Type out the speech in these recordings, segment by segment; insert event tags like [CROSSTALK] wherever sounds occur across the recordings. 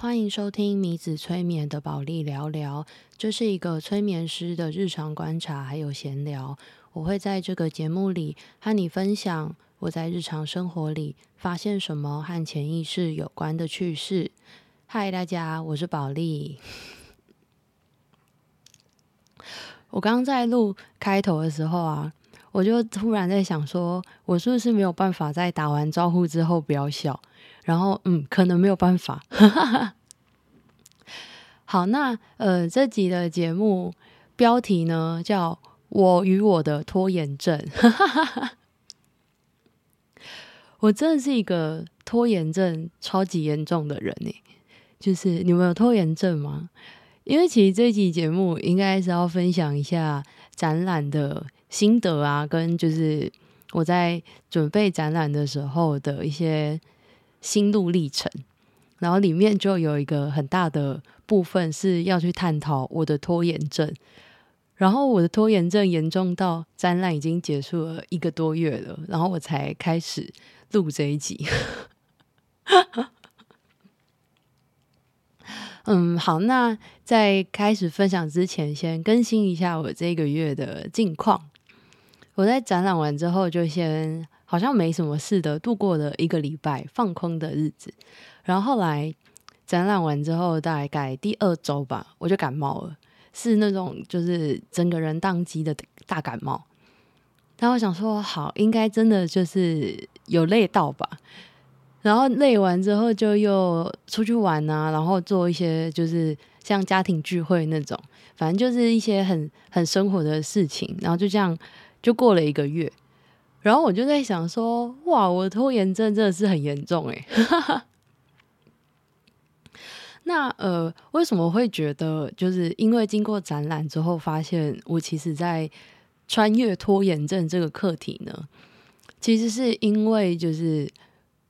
歡迎收聽迷子催眠的保利聊聊，這是一個催眠師的日常觀察還有閒聊。我會在這個節目裡和你分享我在日常生活裡發現什麼和潛意識有關的趣事。嗨，大家，我是保利。我剛剛在錄開頭的時候啊，我就突然在想說，說我是不是沒有辦法在打完招呼之後不要笑？然後，嗯，可能沒有辦法。 [LAUGHS] 好，那呃，這集的節目標題呢，叫《我與我的拖延症》。 [LAUGHS] 我真的是一個拖延症超級嚴重的人呢。就是你們有拖延症嗎？因為其實這集節目應該是要分享一下展覽的心得啊，跟就是我在準備展覽的時候的一些。心路歷程，然後裡面就有一個很大的部分是要去探討我的拖延症，然後我的拖延症嚴重到展覽已經結束了一個多月了，然後我才開始錄這一集。 [LAUGHS] 嗯，好，那在開始分享之前，先更新一下我這個月的近況。我在展覽完之後就先。好像沒什麼事的，度過了一個禮拜放空的日子。然後後來展覽完之後，大概第二周吧，我就感冒了，是那種就是整個人宕機的大感冒。然後我想說，好，應該真的就是有累到吧。然後累完之後就又出去玩啊，然後做一些就是像家庭聚會那種，反正就是一些很很生活的事情。然後就這樣就過了一個月。然後我就在想說，哇，我的拖延症真的是很嚴重欸、哈哈、 [LAUGHS] 那呃，為什麼會覺得，就是因為經過展覽之後，發現我其實，在穿越拖延症這個課題呢，其實是因為就是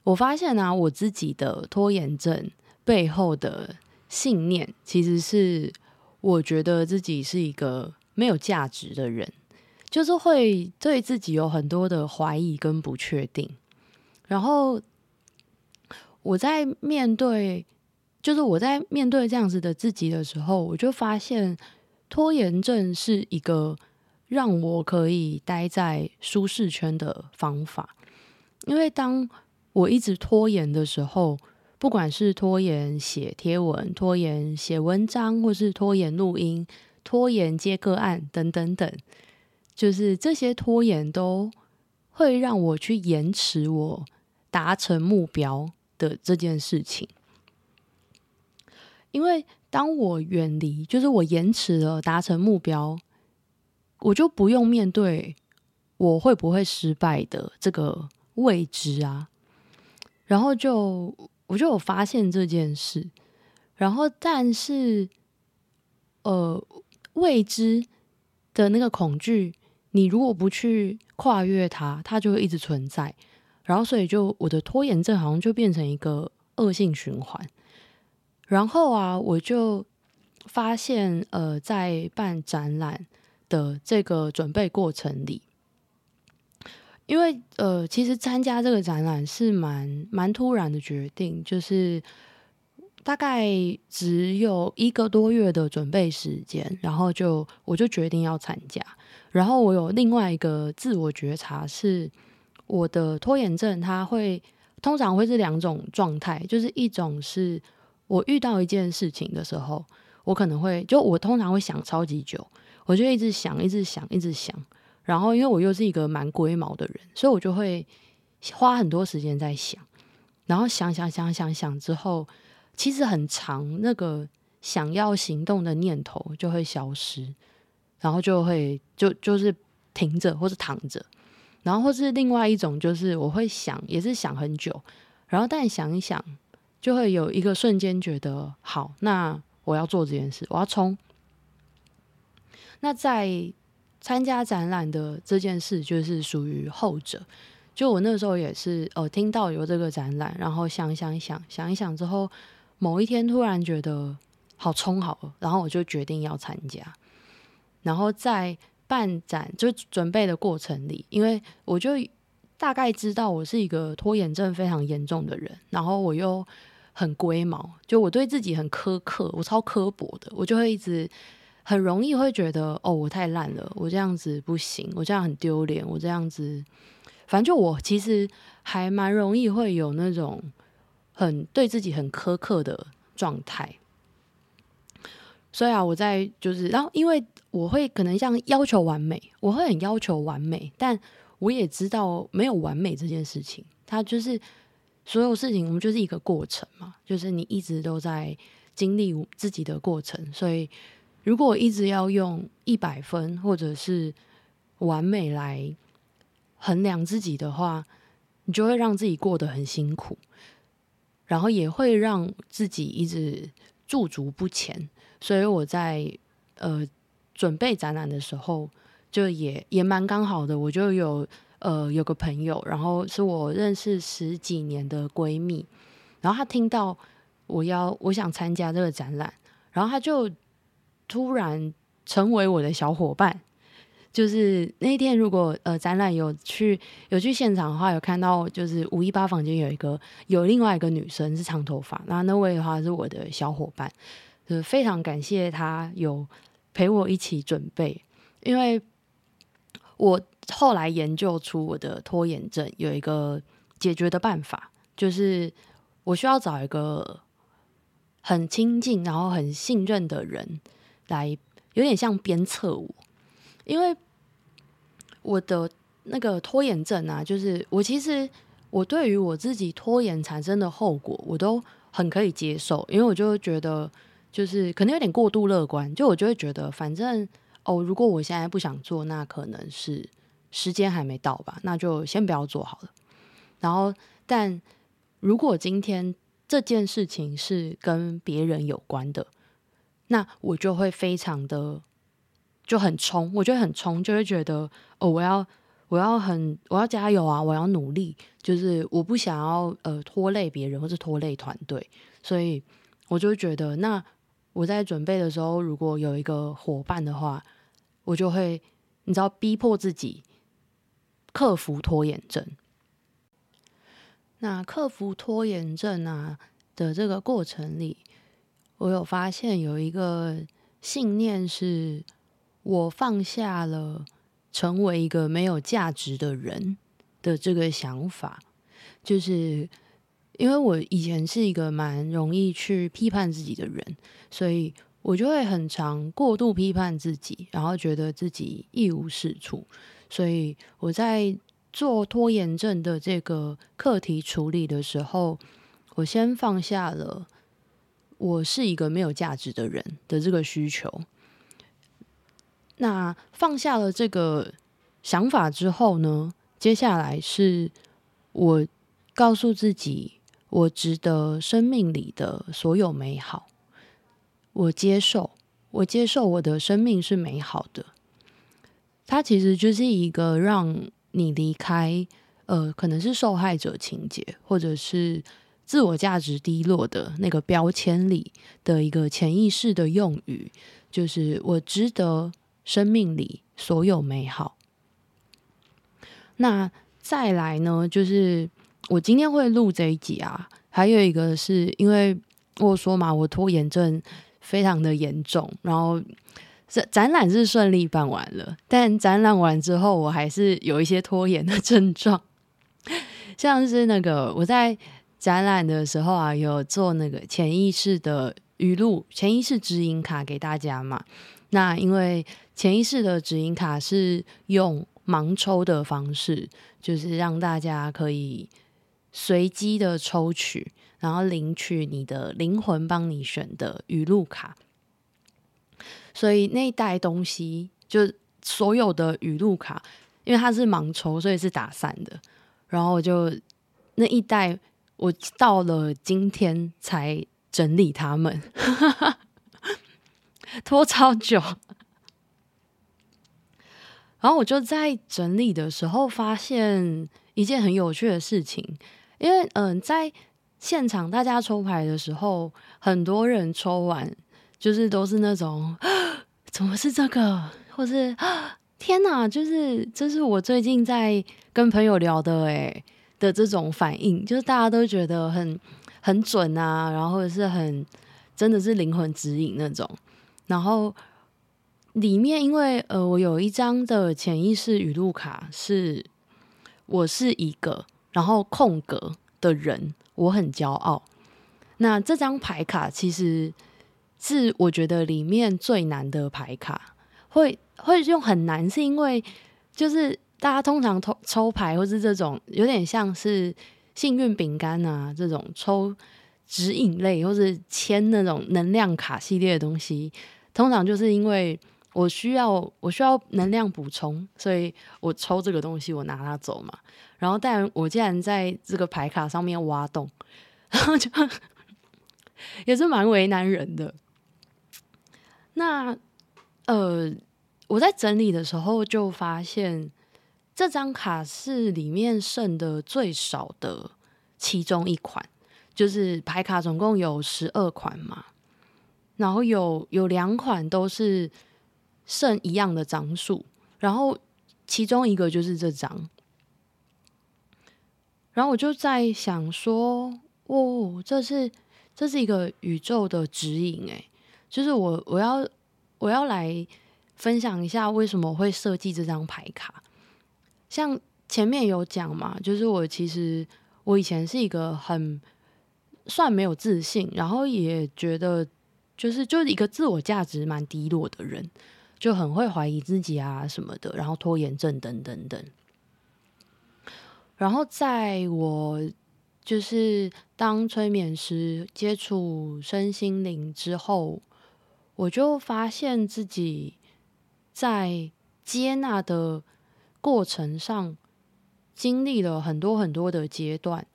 我發現呢、啊，我自己的拖延症背後的信念，其實是我覺得自己是一個沒有價值的人。就是會對自己有很多的懷疑跟不確定，然後我在面對，就是我在面對這樣子的自己的時候，我就發現拖延症是一個讓我可以待在舒適圈的方法。因為當我一直拖延的時候，不管是拖延寫貼文、拖延寫文章，或是拖延錄音、拖延接個案等等等。就是這些拖延都會讓我去延遲我達成目標的這件事情，因為當我遠離，就是我延遲了達成目標，我就不用面對我會不會失敗的這個未知啊，然後就我就有發現這件事，然後但是呃未知的那個恐懼。你如果不去跨越它，它就會一直存在。然後，所以就我的拖延症好像就變成一個惡性循環。然後啊，我就發現，呃，在辦展覽的這個準備過程裡，因為呃，其實參加這個展覽是蠻蠻突然的決定，就是。大概只有一個多月的準備時間，然後就我就決定要參加。然後我有另外一個自我覺察是，我的拖延症，它會通常會是兩種狀態，就是一種是我遇到一件事情的時候，我可能會就我通常會想超級久，我就一直想，一直想，一直想。然後因為我又是一個蠻龜毛的人，所以我就會花很多時間在想，然後想想想想想之後。其實很長，那個想要行動的念頭就會消失，然後就會就就是停着或者躺着，然後或是另外一種就是我會想，也是想很久，然後但想一想就會有一個瞬間覺得好，那我要做這件事，我要衝。那在參加展覽的這件事就是屬於後者，就我那時候也是哦、呃，聽到有這個展覽，然後想一想，一想，想一想之後，某一天突然覺得好衝好了，然後我就決定要參加。然後在辦展就準備的過程裡，因為我就大概知道我是一個拖延症非常嚴重的人，然後我又很龜毛，就我對自己很苛刻，我超刻薄的，我就會一直很容易會覺得哦，我太爛了，我這樣子不行，我這樣很丟臉，我這樣子，反正就我其實還蠻容易會有那種。很對自己很苛刻的狀態，所以啊，我在就是，然後因為我會可能像要求完美，我會很要求完美，但我也知道沒有完美這件事情，它就是所有事情，我們就是一個過程嘛，就是你一直都在經歷自己的過程，所以如果我一直要用一百分或者是完美來衡量自己的話，你就會讓自己過得很辛苦。然後也會讓自己一直駐足不前，所以我在呃準備展覽的時候，就也也蠻剛好的，我就有呃有個朋友，然後是我認識十幾年的閨蜜，然後她聽到我要我想參加這個展覽，然後她就突然成為我的小夥伴。就是那天，如果呃展覽有去有去現場的話，有看到就是五一八房間有一個有另外一個女生是長頭髮，那那位的話是我的小夥伴，就非常感謝她有陪我一起準備，因為我後來研究出我的拖延症有一個解決的辦法，就是我需要找一個很親近然後很信任的人來，有點像鞭策我，因為。我的那個拖延症啊，就是我其實我對於我自己拖延產生的後果，我都很可以接受，因為我就會覺得就是可能有點過度樂觀，就我就會覺得反正哦，如果我現在不想做，那可能是時間還沒到吧，那就先不要做好了。然後，但如果今天這件事情是跟別人有關的，那我就會非常的。就很衝，我覺得很衝，就會覺得哦，我要，我要很，我要加油啊，我要努力，就是我不想要呃拖累別人或是拖累團隊，所以我就覺得，那我在準備的時候，如果有一個夥伴的話，我就會你知道逼迫自己克服拖延症。那克服拖延症啊的這個過程裡，我有發現有一個信念是。我放下了成為一個沒有價值的人的這個想法，就是因為我以前是一個蠻容易去批判自己的人，所以我就會很常過度批判自己，然後覺得自己一無是處。所以我在做拖延症的這個課題處理的時候，我先放下了我是一個沒有價值的人的這個需求。那放下了這個想法之後呢，接下來是我告訴自己，我值得生命裡的所有美好。我接受，我接受我的生命是美好的。它其實就是一個讓你離開，呃，可能是受害者情節，或者是自我價值低落的那個標籤裡的一個潛意識的用語，就是我值得。生命裡所有美好。那再來呢？就是我今天會錄這一集啊。還有一個是因為我說嘛，我拖延症非常的嚴重。然後展展覽是順利辦完了，但展覽完之後，我還是有一些拖延的症狀，像是那個我在展覽的時候啊，有做那個潛意識的語錄、潛意識指引卡給大家嘛。那因為潛意識的指引卡是用盲抽的方式，就是讓大家可以隨機的抽取，然後領取你的靈魂幫你選的語錄卡。所以那袋東西，就所有的語錄卡，因為它是盲抽，所以是打散的。然後我就那一袋，我到了今天才整理他們。 [LAUGHS] 拖超久， [LAUGHS] 然後我就在整理的時候發現一件很有趣的事情，因為嗯、呃，在現場大家抽牌的時候，很多人抽完就是都是那種，呵，怎麼是這個，或是啊天哪，就是這是我最近在跟朋友聊的誒、欸、的這種反應，就是大家都覺得很很準啊，然後或者是很真的是靈魂指引那種。然後裡面，因為呃，我有一張的潛意識語錄卡，是我是一個然後空格的人，我很驕傲。那這張牌卡其實是我覺得裡面最難的牌卡，會會用很難，是因為就是大家通常抽抽牌，或是這種有點像是幸運餅乾啊這種抽指引類或是籤那種能量卡系列的東西，通常就是因為我需要我需要能量補充，所以我抽這個東西，我拿它走嘛。然後，但我竟然在這個牌卡上面挖洞，然後就也是蠻為難人的。那呃，我在整理的時候就發現，這張卡是裡面剩的最少的其中一款，就是牌卡總共有十二款嘛。然後有有兩款都是剩一樣的張數，然後其中一個就是這張，然後我就在想說，哦，這是這是一個宇宙的指引誒，就是我我要我要來分享一下為什麼會設計這張牌卡，像前面有講嘛，就是我其實我以前是一個很算沒有自信，然後也覺得。就是就是一個自我價值蠻低落的人，就很會懷疑自己啊什麼的，然後拖延症等等等。然後在我就是當催眠師接觸身心靈之後，我就發現自己在接納的過程上經歷了很多很多的階段，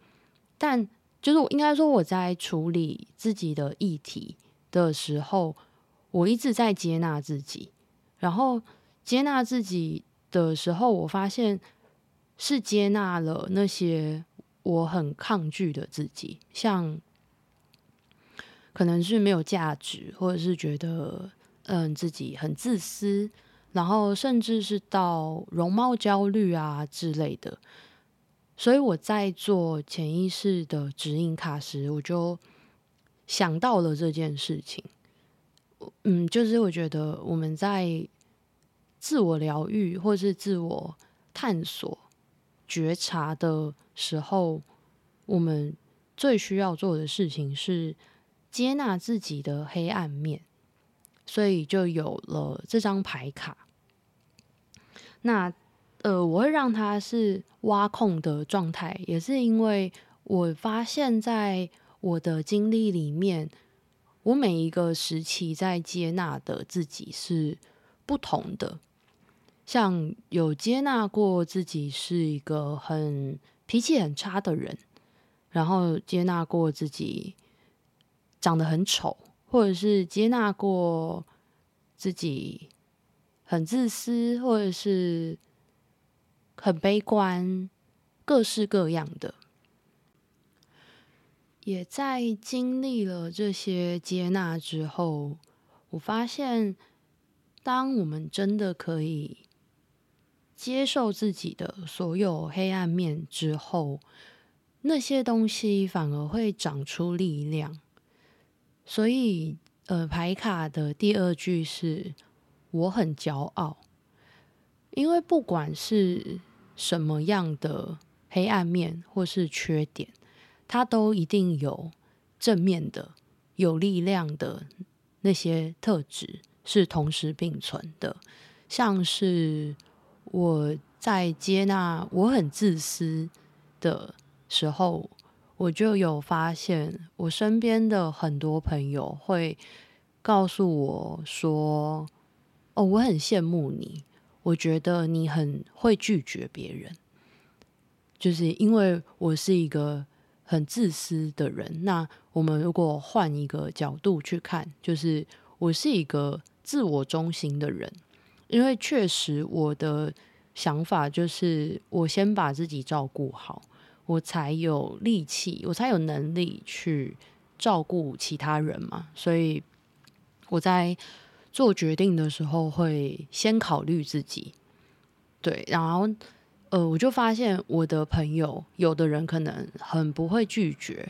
但就是我應該說我在處理自己的議題的時候，我一直在接納自己。然後接納自己的時候，我發現是接納了那些我很抗拒的自己，像可能是沒有價值，或者是覺得嗯自己很自私，然後甚至是到容貌焦慮啊之類的。所以我在做潛意識的指引卡時，我就。想到了這件事情，嗯，就是我覺得我們在自我療癒或是自我探索、覺察的時候，我們最需要做的事情是接納自己的黑暗面，所以就有了這張牌卡。那呃，我會讓它是挖空的狀態，也是因為我發現在我的經歷裡面，我每一個時期在接納的自己是不同的。像有接納過自己是一個很脾氣很差的人，然後接納過自己長得很醜，或者是接納過自己很自私，或者是很悲觀，各式各樣的。也在經歷了這些接納之後，我發現，當我們真的可以接受自己的所有黑暗面之後，那些東西反而會長出力量。所以，呃，牌卡的第二句是“我很驕傲”，因為不管是什麼樣的黑暗面或是缺點。他都一定有正面的、有力量的那些特質是同時並存的。像是我在接納我很自私的時候，我就有發現我身邊的很多朋友會告訴我說：“哦，我很羨慕你，我覺得你很會拒絕別人。”就是因為我是一個。很自私的人。那我們如果換一個角度去看，就是我是一個自我中心的人，因為確實我的想法就是我先把自己照顧好，我才有力氣，我才有能力去照顧其他人嘛。所以我在做決定的時候會先考慮自己，對，然後。呃，我就發現我的朋友，有的人可能很不會拒絕，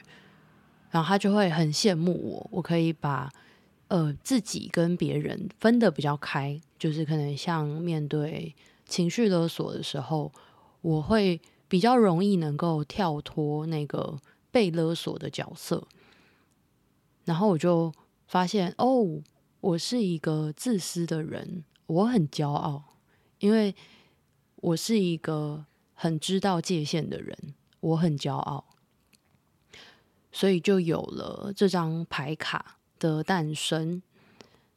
然後他就會很羨慕我，我可以把呃自己跟別人分得比較開，就是可能像面對情緒勒索的時候，我會比較容易能夠跳脫那個被勒索的角色，然後我就發現哦，我是一個自私的人，我很驕傲，因為……我是一個很知道界限的人，我很驕傲，所以就有了這張牌卡的誕生。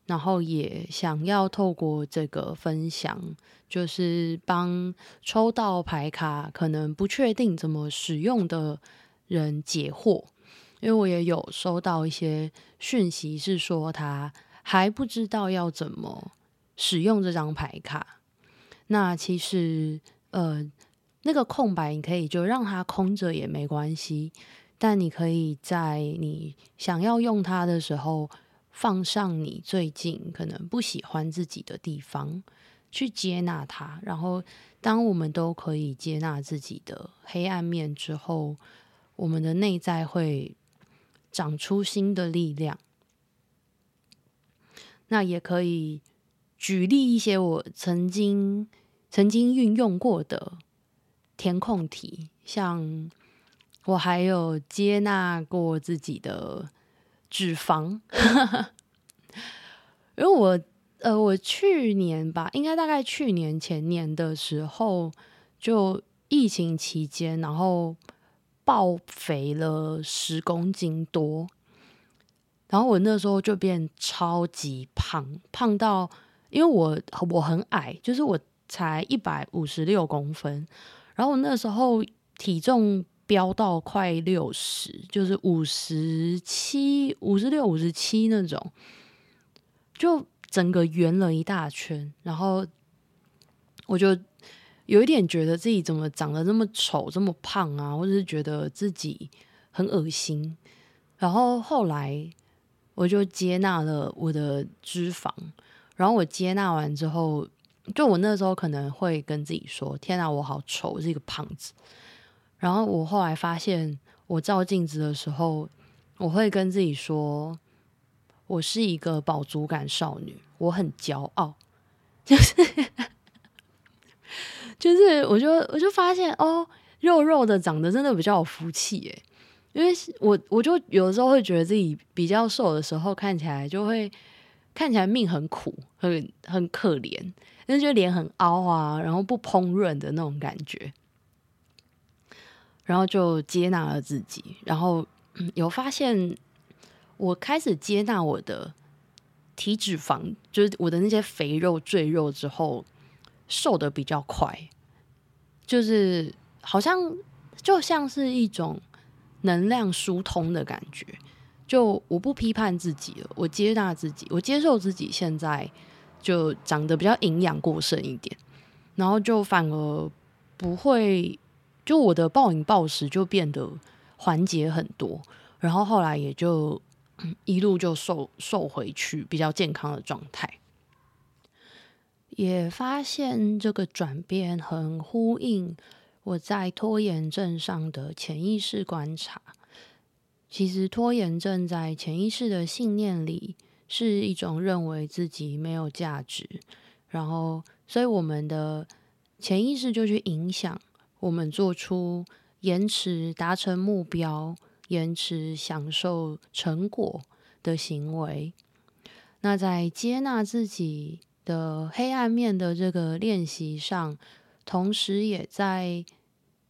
然後也想要透過這個分享，就是幫抽到牌卡可能不確定怎麼使用的人解惑，因為我也有收到一些訊息，是說他還不知道要怎麼使用這張牌卡。那其實，呃，那個空白你可以就讓它空着也沒關係，但你可以在你想要用它的時候，放上你最近可能不喜歡自己的地方，去接納它。然後，當我們都可以接納自己的黑暗面之後，我們的內在會長出新的力量。那也可以，舉例一些我曾經曾經運用過的填空題，像我還有接納過自己的脂肪， [LAUGHS] 因為我呃，我去年吧，應該大概去年前年的時候，就疫情期間，然後爆肥了十公斤多，然後我那時候就變超級胖，胖到。因為我我很矮，就是我才一百五十六公分，然後那時候體重飆到快六十，就是五十七、五十六、五十七那種，就整個圓了一大圈，然後我就有一點覺得自己怎麼長得這麼醜、這麼胖啊，或者是覺得自己很噁心，然後後來我就接納了我的脂肪。然後我接納完之後，就我那時候可能會跟自己說：“天哪，我好醜，我是一個胖子。”然後我後來發現，我照鏡子的時候，我會跟自己說：“我是一個飽足感少女，我很驕傲。”就是就是， [LAUGHS] 就是我就我就發現哦，肉肉的長得真的比較有福氣誒，因為我我就有的時候會覺得自己比較瘦的時候，看起來就會。看起來命很苦，很很可憐，但是就臉很凹啊，然後不豐潤的那種感覺，然後就接納了自己，然後、嗯、有發現，我開始接納我的體脂肪，就是我的那些肥肉、贅肉之後，瘦得比較快，就是好像就像是一種能量疏通的感覺。就我不批判自己了，我接納自己，我接受自己現在就長得比較營養過剩一點，然後就反而不會，就我的暴飲暴食就變得緩解很多，然後後來也就、嗯、一路就瘦瘦回去，比較健康的狀態，也發現這個轉變很呼應我在拖延症上的潛意識觀察。其實拖延症在潛意識的信念裡是一種認為自己沒有價值，然後所以我們的潛意識就去影響我們做出延遲達成目標、延遲享受成果的行為。那在接納自己的黑暗面的這個練習上，同時也在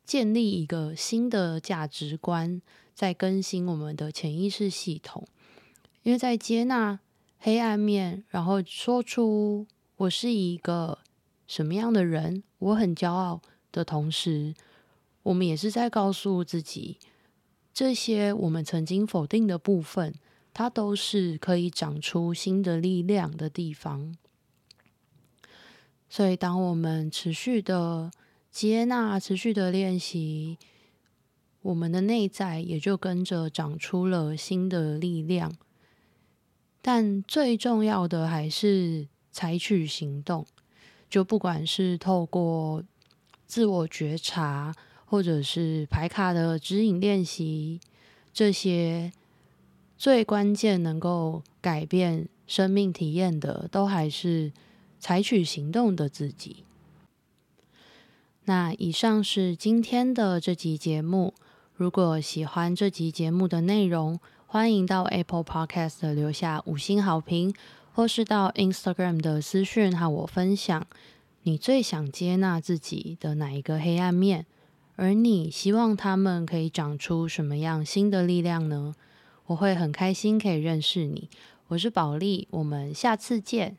建立一個新的價值觀。在更新我們的潛意識系統，因為在接納黑暗面，然後說出我是一個什麼樣的人，我很驕傲的同時，我們也是在告訴自己，這些我們曾經否定的部分，它都是可以長出新的力量的地方。所以，當我們持續的接納，持續的練習。我們的內在也就跟着長出了新的力量，但最重要的還是採取行動。就不管是透過自我覺察，或者是牌卡的指引練習，這些最關鍵能夠改變生命體驗的，都還是採取行動的自己。那以上是今天的這集節目。如果喜歡這集節目的內容，歡迎到 Apple Podcast 留下五星好評，或是到 Instagram 的私訊和我分享你最想接納自己的哪一個黑暗面，而你希望他們可以長出什麼樣新的力量呢？我會很開心可以認識你。我是寶莉，我們下次見。